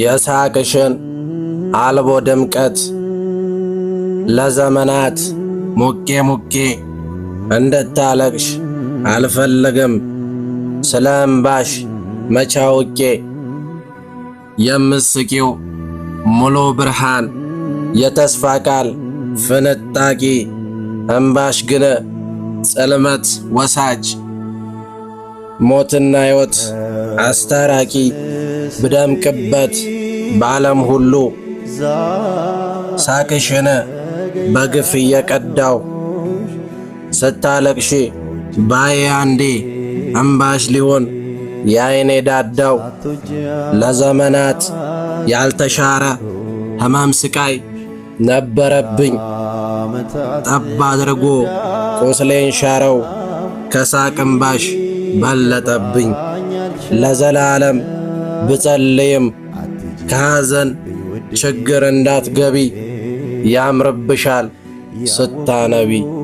የሳቅሽን አልቦ ድምቀት ለዘመናት ሙቄ ሙቄ እንድታለቅሽ አልፈልግም። ስለ እምባሽ መቻውቄ የምስቂው ሙሉ ብርሃን የተስፋ ቃል ፍንጣቂ እምባሽ ግን ጸልመት ወሳጅ ሞትና ሕይወት አስታራቂ ብደምቅበት ቅበት በዓለም ሁሉ ሳቅሽን በግፍ እየቀዳው ስታለቅሺ ባዬ አንዴ እምባሽ ሊሆን የአይኔ ዳዳው ለዘመናት ያልተሻረ ሕማም ስቃይ ነበረብኝ። ጠብ አድርጎ ቁስሌን ሻረው ከሳቅምባሽ በለጠብኝ ለዘላለም ብጸልይም ከሐዘን ችግር እንዳትገቢ ያምርብሻል ስታነቢ